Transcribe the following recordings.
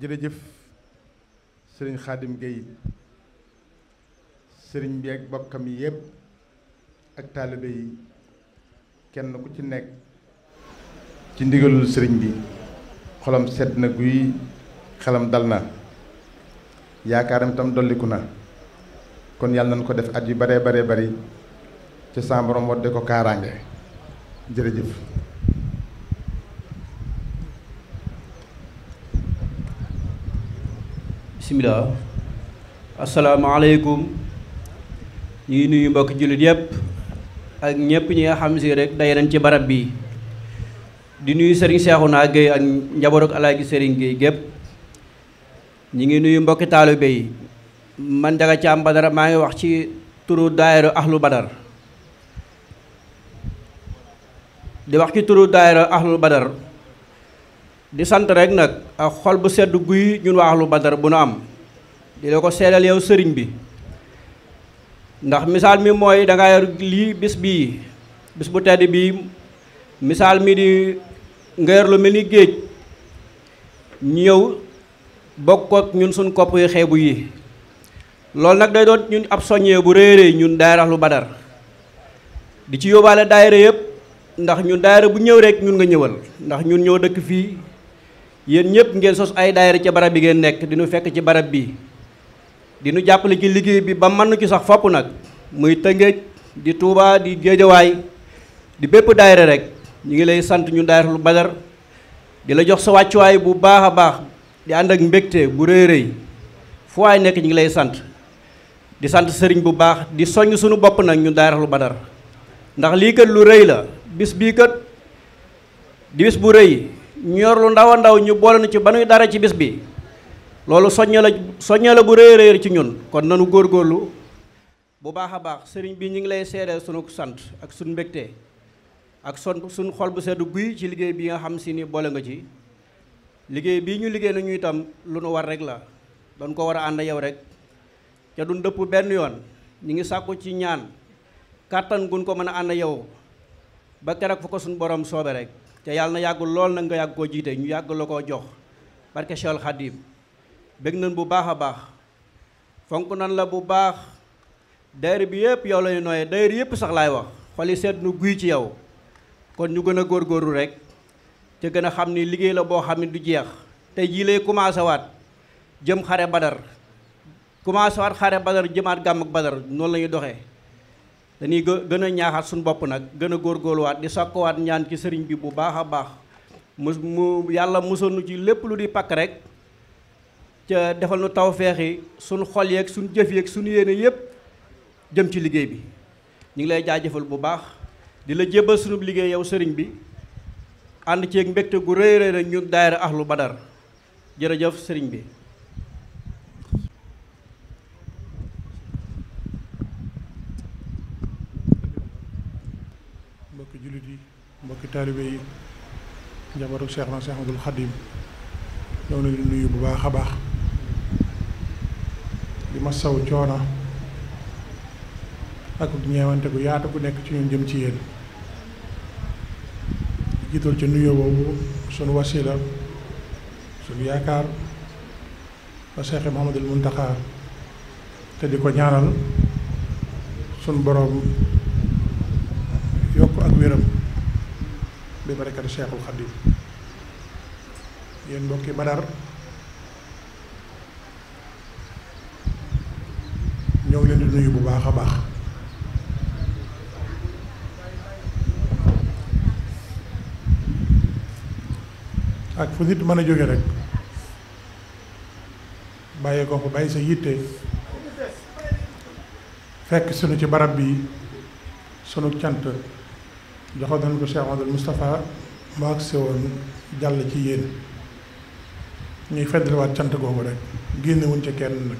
jërëjëf sëriñ Xaadim Gueye sëriñ bi ak bokkam yi yëpp ak taalibe yi kenn ku ci nekk ci ndigalul sëriñ bi xolam sedd na guy xelam dal na yaakaaram itam dolliku na kon yàlla nañ ko def at yu baree baree bari ci sa wadde ko kaaraange jërëjëf bisimilah asalaamaaleykum ñu ngi nuyu mbokki jullit yëpp ak ñëpp ñi nga xam si rek day nañ ci barab bi di nuyu Serigne naa géey ak njaboot ak Alaaji géey Gueye gépp ñu ngi nuyu mbokki taalibe yi man Ndiaga Thiam Badara maa ngi wax ci turu daayira Ahlu Badar di wax ci turu daayira Ahlu Badar di sant rek nag ak xol bu sedd guy ñun waaxlu badar bu nu am di la ko seedal yow sëriñ bi ndax misaal mi mooy danga yor lii bis bii bis bu tedd bii misaal mi di nga yor lu mel ni géej ñëw bokk ak ñun suñ kopp xeebu yi loolu nag day doon ñun ab soññee bu réeré ñun daayira lu badar di ci yóbbaale daayira yëpp ndax ñun daayira bu ñëw rekk ñun nga ñëwal ndax ñun ñoo dëkk fii yéen ñëpp ngeen sos ay daayira ca barab bi ngeen nekk diñu fekk ci barab bi di nu jàppale ci liggéey bi ba mën ci sax fopp nag muy Tëngéej di Touba di Géejawaay di bépp daayira rek ñu ngi lay sant ñu daayira lu Badar di la jox sa wàccuwaay bu baax a baax di ànd ak mbégte bu rëy rëy fu waay nekk ñu ngi lay sant di sant sëriñ bu baax di soññ sunu bopp nag ñu daayira lu Badar ndax lii kat lu rëy la bis bii kat di bis bu rëy ñu yor lu ndaw a ndaw ñu boole na ci ba nuy dara ci bis bi loolu soññe la bu réer réer ci ñun kon nanu góorlu bu baax a baax sëriñ bi ñu ngi lay seedeel sunu sant ak sunu mbégte ak son suñ xol bu sedd guy ci liggéey bi nga xam si ni boole nga ci liggéey bi ñu liggéey nañu itam lu nu war rek la doon ko war a ànd yow rek ca duñ dëpp benn yoon ñu ngi sàkku ci ñaan kàttan guñ ko mën a ànd yow ba keroog fa ko suñ borom soobe rek te yàlla na yàggul lool nag nga yàgg koo jiite ñu yàgg la koo jox barke Cheikh Khadim bëgg nañ bu baax a baax fonk nan la bu baax dayre bi yëpp yow la ñu nooyee dayre yëpp sax laay wax xoli seet nu guy ci yow kon ñu gën a góor góorgóorlu rekk te gën a xam ni liggéey la boo xam ne du jeex tey jii lay commencé waat jëm xare badar commencé waat xare badar jëmaat gàmm ak badar noonu la ñuy doxee dañuy gën a ñaaxat suñu bopp nag gën a góorgóorluwaat di waat ñaan ci sëriñ bi bu baax a baax mos mu yàlla nu ci lépp lu di pàkk rek ca defal nu tawféex yi suñu xol yeeg suñu jëf yeeg suñu yéene yëpp jëm ci liggéey bi ñu ngi lay jaajëfal bu baax di la jébbal sunu liggéey yow sëriñ bi ànd ceeg mbégte gu rëy rëy rek ñu daayira ahlu badar jërëjëf sëriñ bi taalibe yi njabootu Cheikh na Cheikh Abdul Xadim ñoo ngi nuyu bu baax a baax di ma saw coono ak ñeewante gu yaatu gu nekk ci ñun jëm ci yéen jiital ci nuyoo boobu sunu wasila sunu yaakaar ba Cheikh Mouhamadul Muntaxa te di ko ñaanal sunu boroom yokk ak wéram bi barakati Cheikhul Khadim yéen mbokki Badar ñoo leen di nuyu bu baax a baax ak fu nit mën a jóge rek bàyyi ko fa sa yitte fekk sunu ci barab bi sunu cant joxoon nañ ko Cheikh Amadou Moustapha mu agsi woon jàll ci yéen ñuy feddaliwaat cant googu rek génnewuñ wuñ ci kenn nag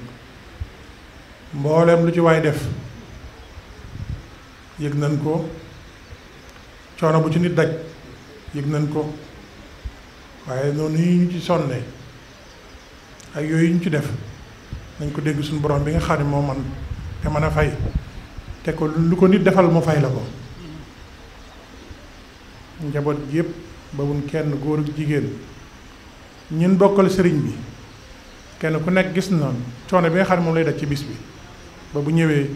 mbooleem lu ci waay def yëg nañ ko coono bu ci nit daj yëg nañ ko waaye noonu yi ñu ci sonne ak yooyu ñu ci def nañ ko dégg suñu borom bi nga xam ne moo man te mën a fay te ko lu ko nit defal mu fay la ko njaboot gi yëpp ba buñ kenn góor ak jigéen ñun bokkal sëriñ bi kenn ku nekk gis na coono bi nga xam ne moom lay daj ci bis bi ba bu ñëwee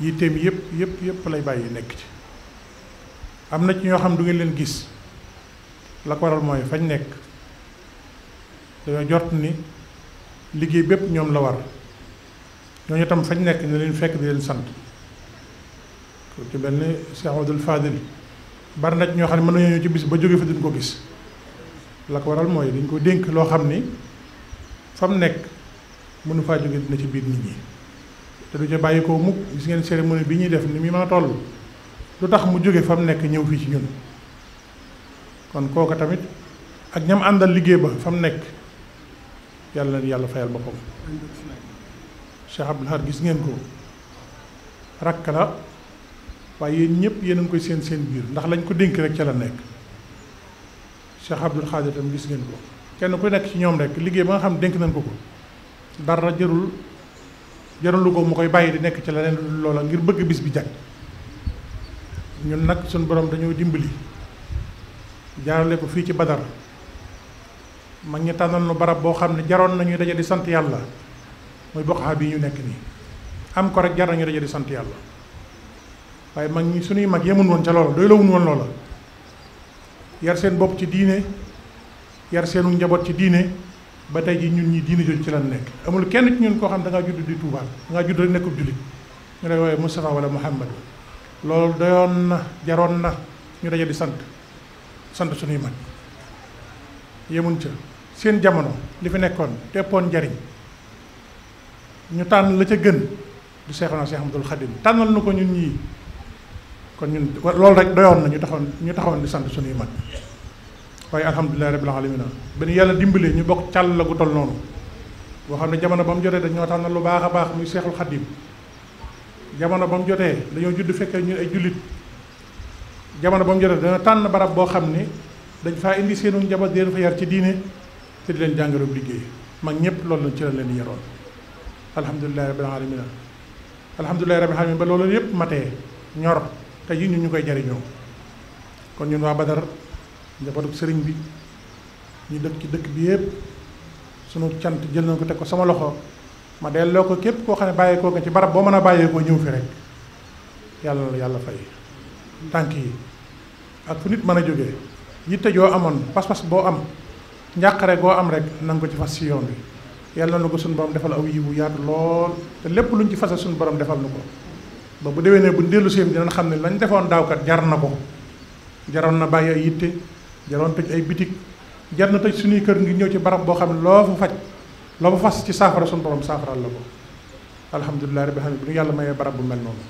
yitteem yépp yëpp yëpp lay bàyyi nekk ci am na ci ñoo xam du ngeen leen gis la ko waral mooy fañ nekk dañoo jot ni liggéey bépp ñoom la war ñooñu tam fañ nekk ñu leen fekk di leen sant ku ci benn ni Cheikh Abdoul Fadil bari na ñoo xam ne mën nañoo ñëw ci bis ba jóge fa duñ ko gis la ko waral mooy dañ ko dénk loo xam ni fa nekk mënu faa jóge dina ci biir nit ñi te du ca bàyyi koo mukk gis ngeen cérémonie bi ñuy def ni mu mën a toll lu tax mu jóge fa mu nekk ñëw fii ci ñun kon kooka tamit ak ñam àndal liggéey ba fa nekk yàlla na yàlla fayal boppam Cheikh Abdoul Ahad gis ngeen ko rakk la waaye yéen ñëpp yéen a ngi koy seen seen biir ndax lañ ko dénk rek ca la nekk Cheikh Abdoul Khadir tam gis ngeen ko kenn ku nekk ci ñoom rek liggéey ba nga xam ne dénk nañ ko ko dara jarul jarul ko mu koy bàyyi di nekk ci leneen loola ngir bëgg bis bi jag ñun nag suñu boroom dañoo dimbali jaarale ko fii ci Badar mag ñi tànnal nu barab boo xam ne jaroon nañuy daje di sant yàlla muy boqaxa bii ñu nekk nii am ko rek jar nañu daje di sant yàlla waaye mag ñi suñuy mag yemun woon ca loola doy lawun woon loola yar seen bopp ci diine yar seenu njaboot ci diine ba tey ji ñun ñi diine jooju ci lan nekk amul kenn ci ñun koo xam dangaa ngaa judd di tuubaal da ngaa judd rek nekkub jullit ñu lay woowee Moustapha wala Mouhamad loolu doyoon na jaroon na ñu daje di sant sant suñuy mag yemun ca seen jamono li fi nekkoon teppoon njariñ ñu tànn la ca gën du seexoon Seex Ahmadul Xadim tànnal nu ko ñun ñii kon ñun loolu rek doyoon na ñu taxawoon ñu taxawoon di sant suñuy mag waaye alhamdulilah rabbil alamin ba ñu yàlla dimbalee ñu bokk càll la gu toll noonu boo xam ne jamono ba mu jotee dañoo tax lu baax a baax muy seexul xaddim jamono ba mu jotee dañoo judd fekkee ñun ay jullit jamono ba mu jotee tànn barab boo xam ne dañ faa indi seenu njaboot di leen ci diine te di leen jàngaru liggéey mag ñëpp loolu ci lañ leen di yaroon alhamdulilah rabbil alamin alhamdulilah rabbil alamin ba loolu yëpp matee ñor tey jii ñun ñu koy jariñoo kon ñun waa Badar njabootu sëriñ bi ñu dëkk ci dëkk bi yépp sunu cant jël nañ ko teg ko sama loxo ma delloo ko képp koo xam ne bàyyeekoo nga ci barab boo mën a bàyyeekoo ñëw fi rek yàlla la yàlla fay tànk yi ak fu nit mën a jógee yitte joo amoon pas-pas boo am njàqare goo am rek nanga ko ci fas si yoon bi yàlla na ko suñu borom defal aw yiwu yaatu lool te lépp luñ ci fase suñu borom defal nu ko ba bu déwénee bu dellu seen dinañ xam ne lañu defoon daawkat jar na ko jaroon na bàyyi ay yitte jaroon tëj ay bitig jar na tëj suñuy kër ngir ñëw ci barab boo xam ne loo fa faj loo fa fas ci saafara suñu borom saafaral la ko alhamdulilah rabbi xam ne bu ñu yàlla mayee barab bu mel noonu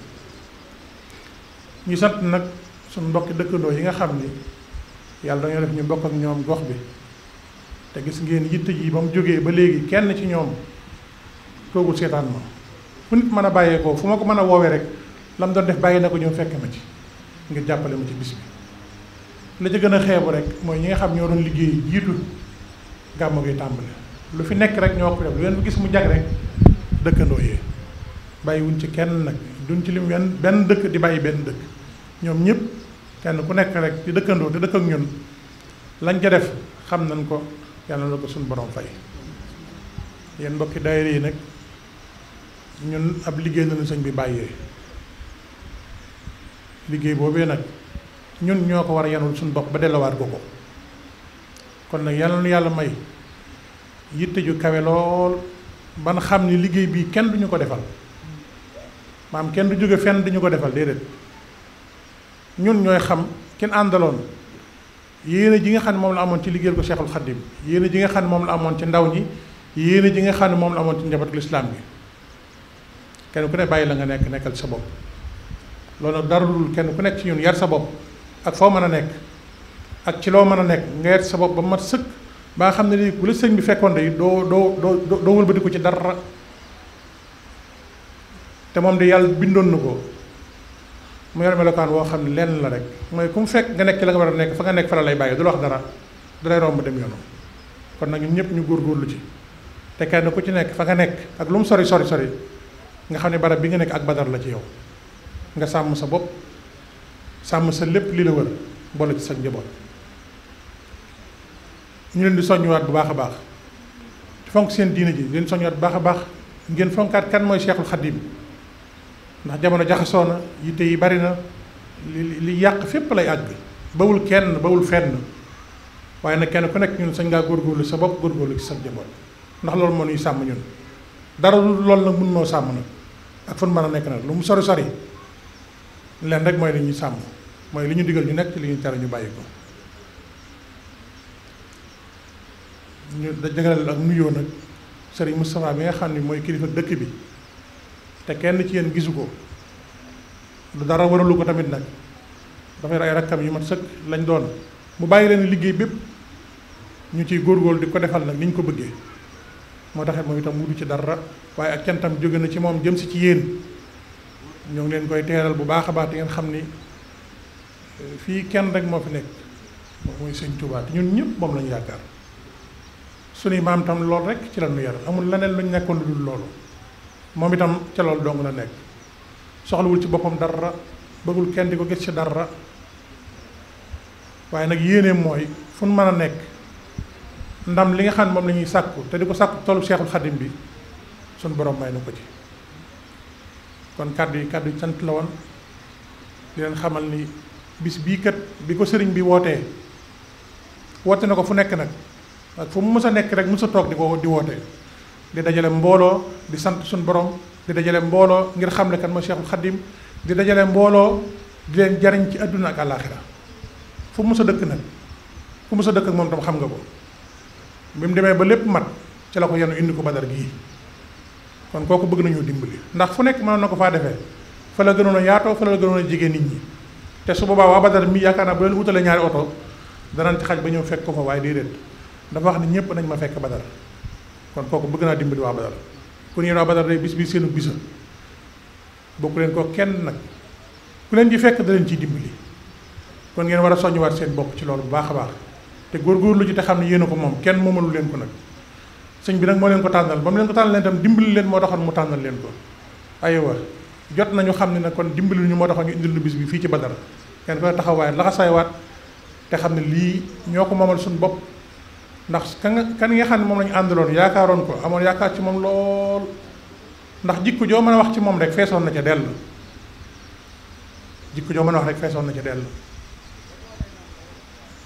ñu sant nag suñu mbokki dëkkandoo yi nga xam ni yàlla dañoo def ñu bokk ak ñoom gox bi te gis ngeen yitte yi ba mu jógee ba léegi kenn ci ñoom toogul seetaan mën a bàyyeekoo fu ma ko mën a woowee rek lam doon def bàyyi na ko ñëw fekk ma ci ngir jàppale ma ci bis bi la ci gën a xeebu rek mooy ñi nga xam ñoo doon liggéey jiitu gàmmu gi tàmbali lu fi nekk rek ñoo ko def lu gis mu jag rek dëkkandoo yee bàyyiwuñ ci kenn nag duñ ci lim benn dëkk di bàyyi benn dëkk ñoom ñëpp kenn ku nekk rek di dëkkandoo di dëkk ak ñun lañ ca def xam nañ ko yàlla na ko suñu borom fay yéen mbokki daayira yi nag ñun ab liggéey nañu sëñ bi bàyyee liggéey boobee nag ñun ñoo ko war a yanul suñu bopp ba dellowaat ko ko kon nag yàlla nu yàlla may yitte ju kawe lool ban xam ni liggéey bii kenn duñu ko defal maam kenn du jóge fenn duñu ko defal déedéet ñun ñooy xam kenn àndaloon yéene ji nga xam ne moom la amoon ci liggéeyal ko Cheikhul Khadim yéene ji nga xam ne moom la amoon ci ndaw ñi yéene ji nga xam ne moom la amoon ci njabootu lislaam bi kenn ku ne bàyyi la nga nekk nekkal sa bopp loolu dara dul kenn ku nekk ci ñun yar sa bopp ak foo mën a nekk ak ci loo mën a nekk nga yar sa bopp ba mat sëkk ba xam ne nii bu la sëñ bi fekkoon de doo doo doo doo wëlbatiku ci dara te moom de yàlla bindoon na ko mu yor melokaan woo xam ne lenn la rek mooy ku mu fekk nga nekk ci la nga war a nekk fa nga nekk fa la lay bàyyi du la wax dara du lay romb dem yoonu kon nag ñun ñëpp ñu góorgóorlu ci te kenn ku ci nekk fa nga nekk ak lu mu sori sori sori nga xam ne bi nga nekk ak badar la ci yow. nga sàmm sa bopp sàmm sa lépp li la wër boole ci sa njaboot ñu leen di soññuwaat bu baax a baax fonk seen diine ji leen soññuwaat bu baax a baax ngeen fonkaat kan mooy Cheikhul Khadim ndax jamono jaxasoo na yitte yi bari na li li yàq fépp lay àgg bawul kenn bawul fenn waaye na kenn ku nekk ñun sañ ngaa góorgóorlu sa bopp góorgóorlu ci sa njaboot ndax loolu moo ñuy sàmm ñun dara loolu nag mun noo sàmm nag ak fan mën a nekk nag lu mu sori sori leen rek mooy li ñuy sàmm mooy li ñu diggal ñu nekk li ñu tere ñu bàyyi ko ñu jagleel ak nuyoo nag sëriñ Moustapha bi nga xam ne mooy kilifa dëkk bi te kenn ci yéen gisu ko lu dara waralu ko tamit nag dafa yor ay rakkam yu mat sëkk lañ doon mu bàyyi leen liggéey bépp ñu ciy góor di ko defal nag ni ñu ko bëggee moo taxit moom itam wutu ci dara waaye ak cantam jóge na ci moom jëm si ci yéen. ñoo ngi leen koy teeral bu baax a baax di ngeen xam ni euh, fii kenn rek moo fi nekk moom mooy sëñ Tuubaa te ñun ñëpp moom lañu yaakaar suñuy maam tam lool rek ci la ñu yar amul leneen luñ nekkoon lu dul loolu moom itam ca loolu dong la nekk soxlawul ci boppam dara bëggul kenn di ko gis ci dara waaye nag yéeneem mooy fu nu mën a nekk ndam li nga xam ne moom la ñuy sàkku te di ko sàkku toolu Seexul Xadim bi suñ borom may na ko ci kon kàddu yi kàddu sant la woon di leen xamal ni bis bii kat bi ko sëriñ bi wootee woote na ko fu nekk nag ak fu mu mës a nekk rek mës a toog di ko di woote di dajale mbooloo di sant suñu borom di dajale mbooloo ngir xam ne kan ma Cheikhul Khadim di dajale mbooloo di leen jariñ ci àdduna ak àllaaxira fu mu mës a dëkk nag fu mu mës a dëkk ak moom tam xam nga ko bi mu demee ba lépp mat ca la ko yenu indi ko badar gii kon kooku bëgg nañu dimbali ndax fu nekk mënoon na ko faa defee fa la gënoon a yaatoo fa la gënoon a jege nit ñi te su boobaa waa Badar mi yaakaar naa bu leen wutalee ñaari oto danañ xaj ba ñëw fekk ko fa waaye déedéet wax ne ñëpp nañ ma fekk Badar kon kooku bëgg naa dimbali waa Badar ku ñuy waa Badar day bis bi seenu bisa bokku leen ko kenn nag ku leen di fekk da leen ciy dimbali kon ngeen war a soññiwaat seen bopp ci loolu bu baax a baax te góorlu ci te xam ne yéen ko moom kenn moomalu leen ko nag sëñ bi nag moo leen ko tànnal ba mu leen ko tànnal leen itam dimbali leen moo taxoon mu tànnal leen ko aywa jot nañu xam ne nag kon dimbali ñu moo taxoon ñu indil lu bis bi fii ci Badar ngeen koy taxawaay laxasaywaat te xam ne lii ñoo ko moomal suñu bopp ndax kan nga kan xam ne moom la ñu yaakaaroon ko amoon yaakaar ci moom lool ndax jikko joo mën a wax ci moom rek feesoon na ca dell jikko joo mën a wax rek na ca dell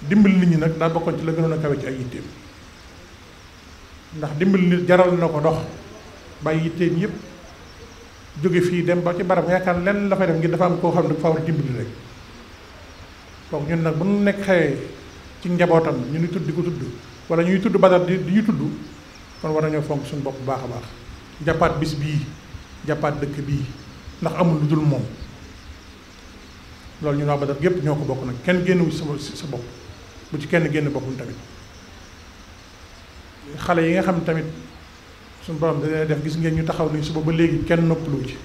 dimbali nit ñi nag daa bokkoon ci la gënoon a kawe ci ay yitteem ndax dimbal nit jaral na ko dox bàyyi yitteen yëpp jóge fii dem ba ci barab yaakaar lenn la fay ngir dafa am koo xam ne dafa war a dimbali rek foog ñun nag bu ñu nekk xëyee ci njabootam ñu ni tudd di ko tudd wala ñuy tudd badal di di ñu tudd kon war nañoo fonk suñu bopp bu baax a baax jàppaat bis bii jàppaat dëkk bii ndax amul lu dul moom loolu ñu waa badal gépp ñoo ko bokk nag kenn génn sa sa bopp bu ci kenn génn bokkul tamit xale yi nga xam tamit suñu borom da def gis ngeen ñu taxaw ni suba ba léegi kenn noppalu ci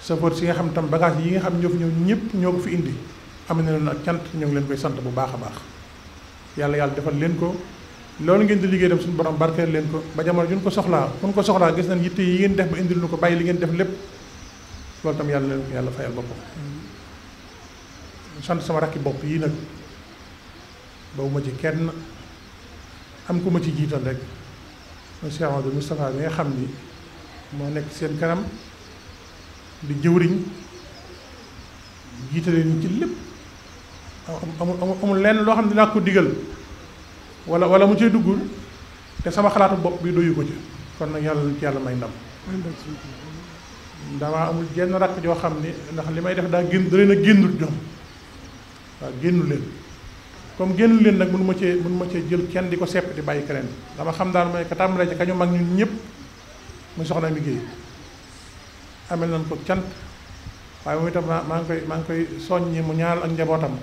sapeur si nga xam tam bagage yi nga xam ñoo fi ñëw ñëpp ñoo ko fi indi am na leen ak cant ñoo ngi leen koy sant bu baax a baax yàlla yàlla defal leen ko loolu ngeen di liggéey dem suñu borom barkeel leen ko ba jamono juñ ko soxlaa fu ko soxlaa gis nañ yitte yi ngeen def ba indil ñu ko bàyyi li ngeen def lépp loolu tam yàlla leen ko fayal boppam mm-hmm. sant sama bopp yii nag boobu ma ci kenn am ku ma ci jiital rek mooy Cheikh Amadou Moustapha mi nga xam ni moo nekk seen kanam di jëwriñ jiitale ñu ci lépp amul amul lenn loo xam ne dinaa ko digal wala wala mu cee duggul te sama xalaatu bopp bi doyu ko ci kon nag yàlla ci yàlla may ndam damaa amul jenn rakk joo xam ni ndax li may def daa génn da leen a génnul ñoom waaw génnu leen comme génn leen nag mënu ma cee mun ma cee jël kenn di ko sepp di bàyyi keneen dama xam daal mooy ka tàmbalee ci kañu mag ñun ñëpp muy soxna mi géey amel nañ ko cant waaye moom itam maa ngi koy maa ngi koy soññi mu ñaanal ak njabootam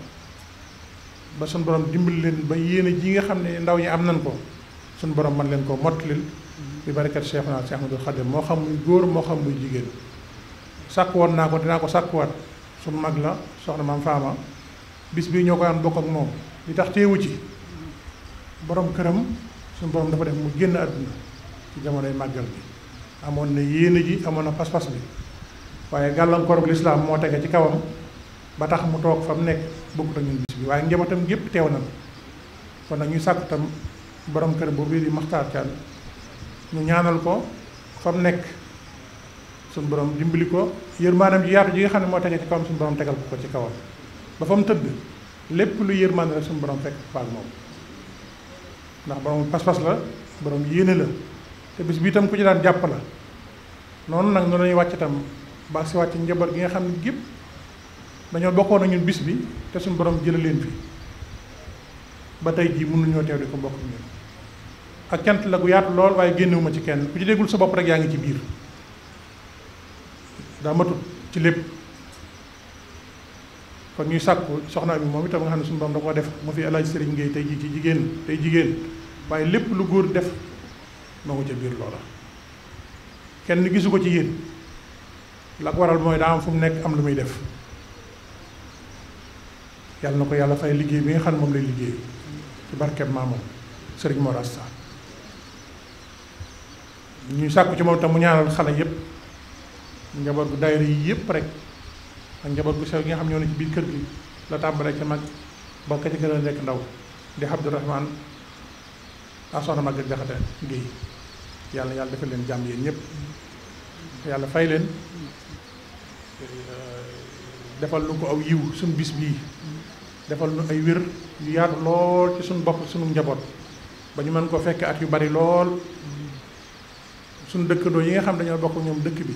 ba suñ borom dimbali leen ba yéene ji xam ne ndaw ñi am nañ ko suñ borom man leen ko mottalil bi barakat Cheikh naa Cheikh Ahmadou Khadim moo xam muy góor moo xam muy jigéen sàkkuwoon naa ko dinaa ko sàkkuwaat su mag la soxla maam faama bis bii ñoo koy am bokk ak moom li tax teewu ci boroom këram suñu borom dafa def mu génn àdduna ci jamonoy màggal bi amoon na yéene ji amoon na pas-pas bi waaye gàllankoor bu lislaam moo tege ci kawam ba tax mu toog fa mu nekk bokkut ak ñun bis bi waaye njabootam gépp teew na kon nag ñu sàkku tam borom kër boobu di Maxtaar Caan ñu ñaanal ko fa nekk suñu borom dimbali ko yërmaanam ji yaatu ji nga xam ne moo tege ci kawam suñu borom tegal ko ci kawam ba fa mu tëdd. lépp lu yërmande rek suñu borom fekk faak moom ndax borom pas-pas la borom yéene la te bis bi tam ku ci daan jàpp la noonu nag noonu lañuy wàcc itam ba si wàcc njaboot gi nga xam ne gépp dañoo bokkoon ak ñun bis bi te suñu borom jëla leen fi ba tey jii mënuñoo teew di ko bokk ñun ak cant la gu lool waaye génnewuma ci kenn ku ci déggul sa bopp rek yaa ngi ci biir daa matut ci lépp kon ñuy sàkku soxna bi moom itam nga xam ne suñu borom da koo def mu fi El Hadj Serigne tey jii ci jigéen tey jigéen waaye lépp lu góor def moo ko ca biir loola. kenn gisu ko ci yéen la waral mooy daa am fu mu nekk am lu muy def yàlla na ko yàlla fay liggéey bi nga xam ne moom lay liggéey ci barkeem maamam Serigne Mor Asta ñuy sàkku ci moom itam mu ñaaral xale yëpp njaboot gu daayira yi yëpp rek. ak njaboot bu sew gi nga xam ñoo ne ci biir kër gi la tàmbalee ca mag ba ka ca gën a nekk ndaw di Abdourahman ak soxna Maguette Jaxate gi yàlla yàlla defal leen jàmm yéen ñëpp yàlla fay leen defal ko aw yiw suñu bis bii defal lu ay wér yu lool suñu bopp suñu njaboot ba mën ko fekk at yu bari lool suñu dëkkandoo yi nga xam dañoo bokk ñoom dëkk bi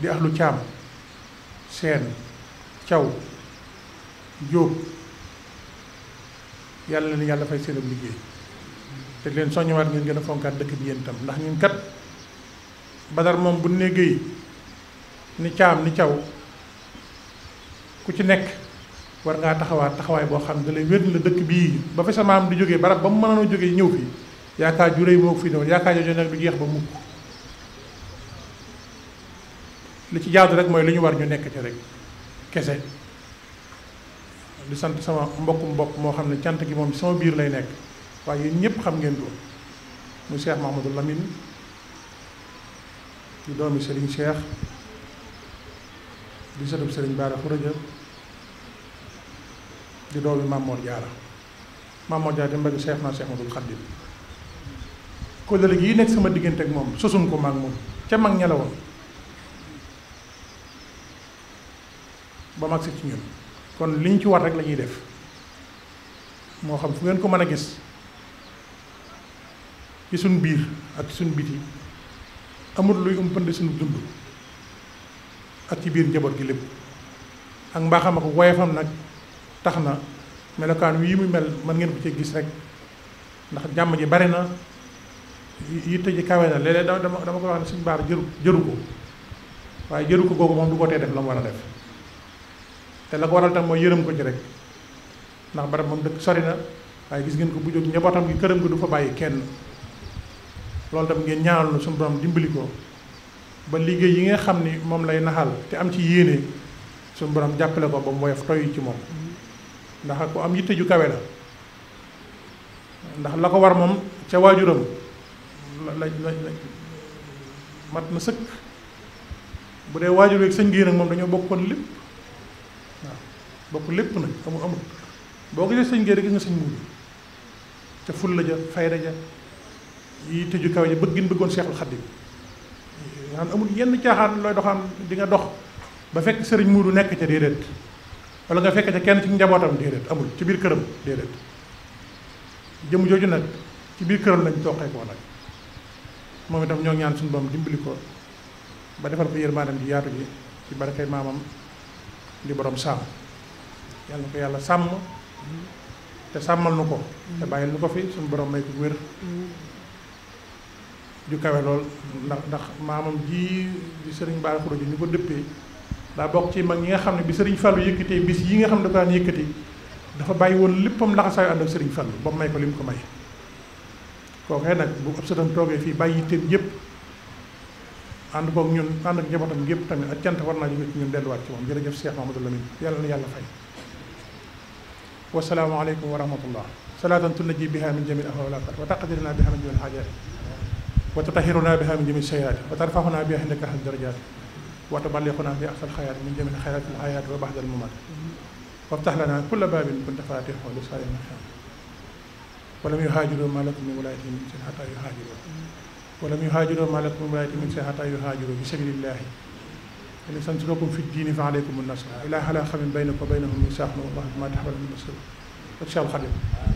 di ahlu caam seen caw jóob yàlla na li yàlla fay seenam liggéey te leen soññewaat ngeen gën a fonkaat dëkk bi yéen itam ndax ñun kat badar moom bu ne ni caam ni caw ku ci nekk war ngaa taxawaat taxawaay boo xam ne da lay wér la dëkk bii ba fi sa maam di jógee barab ba mu mënoon a jógee ñëw fii yaakaar ju réy moo fi doon yaakaar jooju nag du jeex ba mukk li ci jaadu rek mooy li ñu war ñu nekk ci rek kese di sant sama mbokkum bopp moo xam ne cant gi moom sama biir lay nekk waaye yéen ñëpp xam ngeen ko mu Cheikh Mahmadou Lamine di doomi Serigne Cheikh di sëtub Serigne Bara Khourédia di doomi Mamor Diarra Mamor Diarra di mbagi Cheikh naa Cheikh Mahmadou Khadim kóllëre gi nekk sama diggante ak moom sosum ko maag moom ca mag ña ba mag ci ñun kon li ñu ci war rek lañuy def moo xam fu ngeen ko mën a gis ci suñ biir ak suñ biti amul luy umpande suñu dund ak ci biir njaboot gi lépp ak mbaaxam ak woyefam nag tax na melokaan wii mu mel mën ngeen ko ci gis rek ndax jàmm ji bari na yitte ji kawe na léeg-léeg dama dama ko wax ne suñu baar jëru jëru ko waaye jëru ko googu moom du ko tee def la mu war a def te la ko waral tam mooy yërëm ko ci rek ndax barab moom dëkk sori na waaye gis ngeen ko bu jóg njabootam gi këram gi du fa bàyyi kenn loolu tam ngeen ñaanal na suñu borom dimbali ko ba liggéey yi nga xam ni moom lay naxal te am ci yéene suñu borom jàppale ko ba mu woyof toy ci moom ndax ku am yitte ju kawe la ndax la ko war moom ca waajuram la la la mat na sëkk bu dee waajur yeeg sëñ gi nag moom dañoo bokkoon lépp bokk lépp nag amul amul boo gisee sëñ Gueye gis nga sëñ Muudu ca fulla ja fayda ja yi tëju kaw ja bëggin bëggoon Seexul Xadiim nga xam ne amul yenn caaxaan looy doxaan di nga dox ba fekk sëriñ Muudu nekk ca déedéet walla nga fekk ca kenn ci njabootam déedéet amul ci biir këram déedéet jëm jooju nag ci biir këram lañ toqee koo nag moom itam ñoo ñaan suñu boom dimbali ko ba defal ko yërmaanam ji yaatu ji ci barkay maamam di boroom saam yàlla na ko yàlla sàmm mm-hmm. te sàmmal nu ko te mm-hmm. bàyyil nu ko fi suñu borom may ko wér mm-hmm. ju kawe lool ndax ndax maamam ji di sëriñ Bara Khourédia ñu ko dëppee daa bokk ci mag ñi nga xam ne bi sëriñ Fallou yëkkatee bis yi nga xam ne dafa daan yëkkati dafa bàyyi woon léppam laxasaayu ànd ak sëriñ Fallou ba may ko li mu ko may kookee nag bu ab sëtam toogee fii bàyyi yitteem yëpp ànd kook ñun ànd ak njabootam yëpp tamit ak cant war naa jóge ci ñun delluwaat ci moom jërëjëf yàlla na wasalaamu aleykum wa rahmatullah salaatan tunajji biha min jami ahwa wal afat wa taqdiruna biha min jami haajati wa tutahiruna biha min jami sayaati wa tarfahuna biha indaka ahal darajaati wa tuballighuna bi ahsal xayaati min jami xayaati al hayaati wa baxdal mamaat waftah lana kulla baabin kunta faatihahu li saa'iril axyaam wa lam yuhaajiru ma lakum min wilaayati min shay'in hattaa yuhaajiru wa lam yuhaajiru ma lakum min wilaayati min shay'in hattaa yuhaajiru fi sabilillahi in samsanakum fi diini fa aleykum an nasr ilaa alaa xamin baynakum wa baynahum misaaqun wallahu bima taxmaluna basir ak Cheikh Xadim